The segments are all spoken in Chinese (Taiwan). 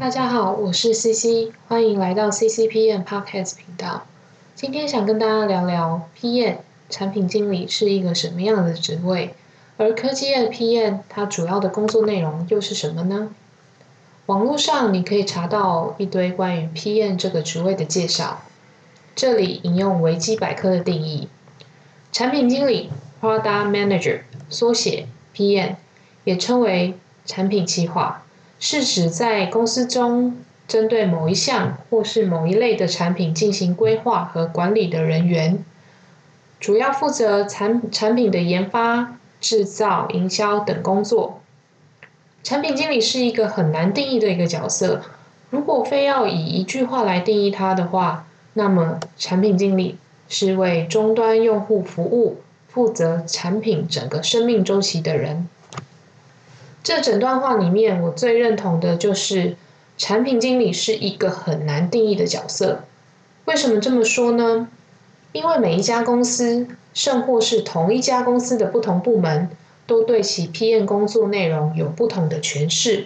大家好，我是 CC，歡迎來到 CCPM Podcast 頻道。今天想跟大家聊聊 PM 產品經理是一個什麼樣的職位，而科技業 PM 它主要的工作內容又是什麼呢？網絡上你可以查到一堆關於 PM 這個職位的介紹，這裡引用維基百科的定義，產品經理 （Product Manager），縮寫 PM，也稱為產品企劃。是指在公司中針對某一項或是某一類的產品進行規劃和管理的人員，主要負責產產品的研發、製造、營銷等工作。產品經理是一個很難定義的一個角色，如果非要以一句話來定義它的話，那麼產品經理是為終端用戶服務，負責產品整個生命週期的人。這整段話裡面，我最認同的就是，產品經理是一個很難定義的角色。為什麼這麼說呢？因為每一家公司，甚或是同一家公司的不同部門，都對其 PM 工作內容有不同的詮釋。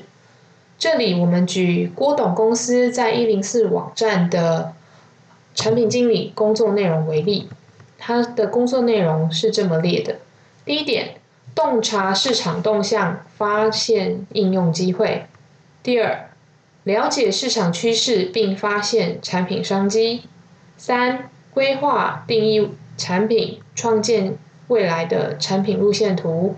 這裡我們舉郭董公司在一零四網站的產品經理工作內容為例，他的工作內容是這麼列的：第一點。洞察市場動向，發現應用機會。第二，了解市場趨勢並發現產品商機。三，規劃定義產品，創建未來的產品路線圖，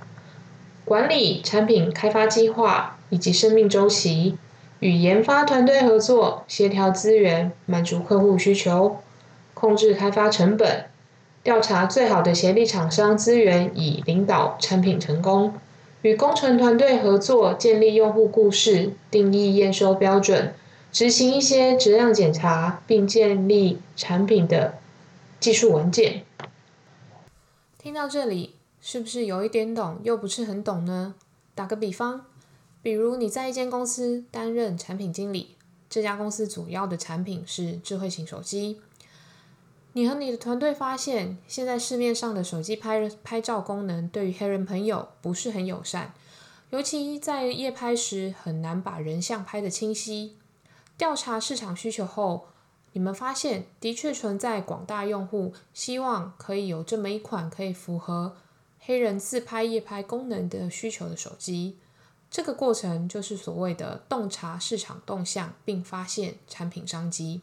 管理產品開發計劃以及生命週期，與研發團隊合作，協調資源，滿足客戶需求，控制開發成本。調查最好的協力廠商資源以領導產品成功，與工程團隊合作建立用戶故事，定義驗收標準，執行一些質量檢查，並建立產品的技術文件。聽到這裡，是不是有一點懂又不是很懂呢？打個比方，比如你在一間公司擔任產品經理，這家公司主要的產品是智慧型手機。你和你的團隊發現，現在市面上的手機拍拍照功能對於黑人朋友不是很友善，尤其在夜拍時很難把人像拍得清晰。調查市場需求後，你們發現的確存在廣大用戶希望可以有這麼一款可以符合黑人自拍夜拍功能的需求的手機。這個過程就是所謂的洞察市場動向並發現產品商機。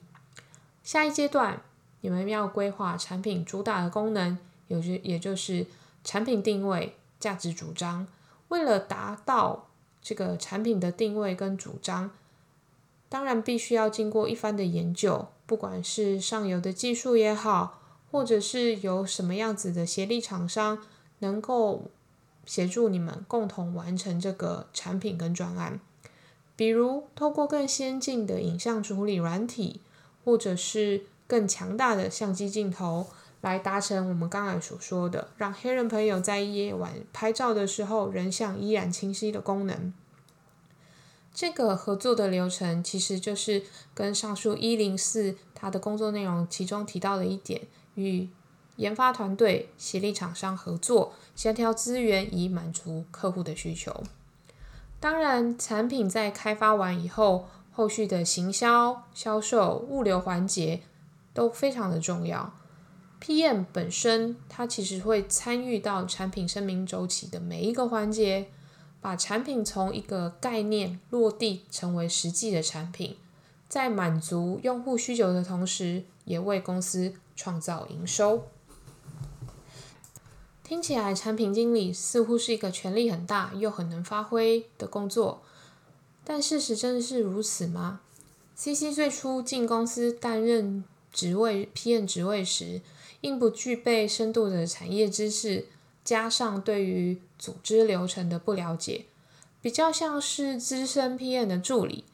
下一階段。你們要規劃產品主打的功能，有些也就是產品定位、價值主張。為了達到這個產品的定位跟主張，當然必須要經過一番的研究，不管是上游的技術也好，或者是有什麼樣子的協力廠商能夠協助你們共同完成這個產品跟專案，比如透過更先進的影像處理軟體，或者是。更強大的相機鏡頭，來達成我們剛才所說的，讓黑人朋友在夜晚拍照的時候，人像依然清晰的功能。這個合作的流程，其實就是跟上述一零四它的工作內容其中提到的一點，與研發團隊、協力廠商合作，協調資源以滿足客戶的需求。當然，產品在開發完以後，後續的行銷、銷售、物流環節，都非常的重要。PM 本身，他其實會參與到產品生命周期的每一個環節，把產品從一個概念落地成為實際的產品，在滿足用戶需求的同時，也為公司創造營收。聽起來產品經理似乎是一個權力很大又很能發揮的工作，但事實真的是如此嗎？CC 最初進公司擔任職位 PM 職位時，應不具備深度的產業知識，加上對於組織流程的不了解，比較像是資深 PM 的助理。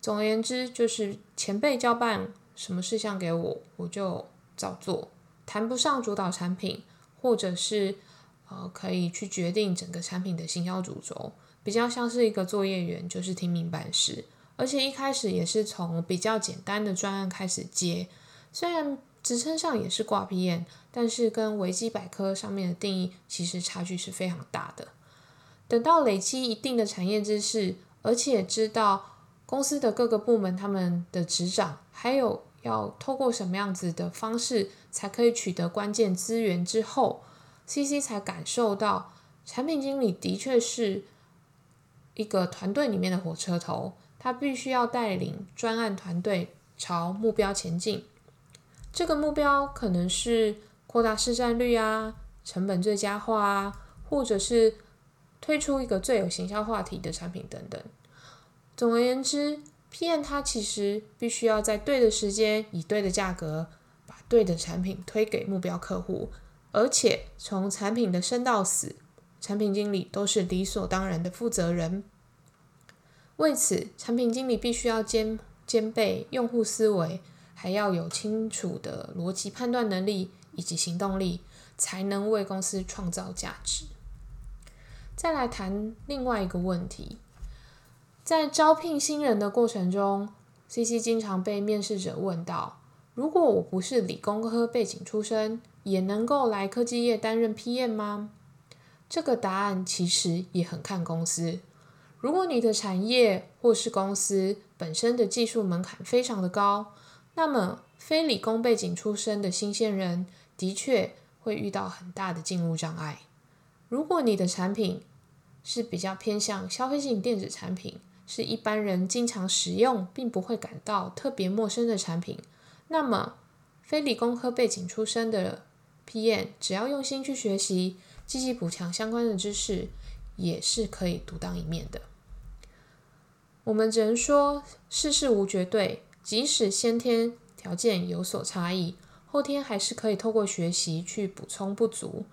總而言之，就是前輩交辦什麼事項給我，我就照做，談不上主導產品，或者是呃可以去決定整個產品的行銷主軸，比較像是一個作業員，就是聽命辦事。而且一開始也是從比較簡單的專案開始接。雖然職稱上也是掛 PM，但是跟維基百科上面的定義其實差距是非常大的。等到累積一定的產業知識，而且知道公司的各個部門他們的職掌，還有要透過什麼樣子的方式才可以取得關鍵資源之後，CC 才感受到產品經理的確是一個團隊裡面的火車頭，他必須要帶領專案團隊朝目標前進。這個目標可能是擴大市占率啊，成本最佳化啊，或者是推出一個最有行銷話題的產品等等。總而言之，PM 它其實必須要在對的時間以對的價格把對的產品推給目標客戶，而且從產品的生到死，產品經理都是理所當然的負責人。為此，產品經理必須要兼兼備用戶思維。還要有清楚的邏輯判斷能力以及行動力，才能為公司創造價值。再來談另外一個問題，在招聘新人的過程中，CC 經常被面試者問到：“如果我不是理工科背景出身，也能夠來科技業擔任 PM 嗎？”這個答案其實也很看公司。如果你的產業或是公司本身的技術門檻非常的高。那麼，非理工背景出身的新鮮人的確會遇到很大的進入障礙。如果你的產品是比較偏向消費性電子產品，是一般人經常使用，並不會感到特別陌生的產品，那麼非理工科背景出身的 PM，只要用心去學習，積極補強相關的知識，也是可以獨當一面的。我們只能說，世事無絕對。即使先天條件有所差異，後天還是可以透過學習去補充不足。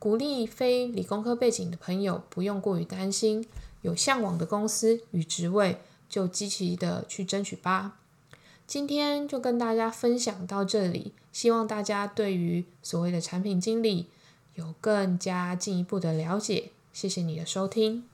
鼓勵非理工科背景的朋友不用過於擔心，有向往的公司與職位就積極的去爭取吧。今天就跟大家分享到這裡，希望大家對於所謂的產品經理有更加進一步的了解。謝謝你的收聽。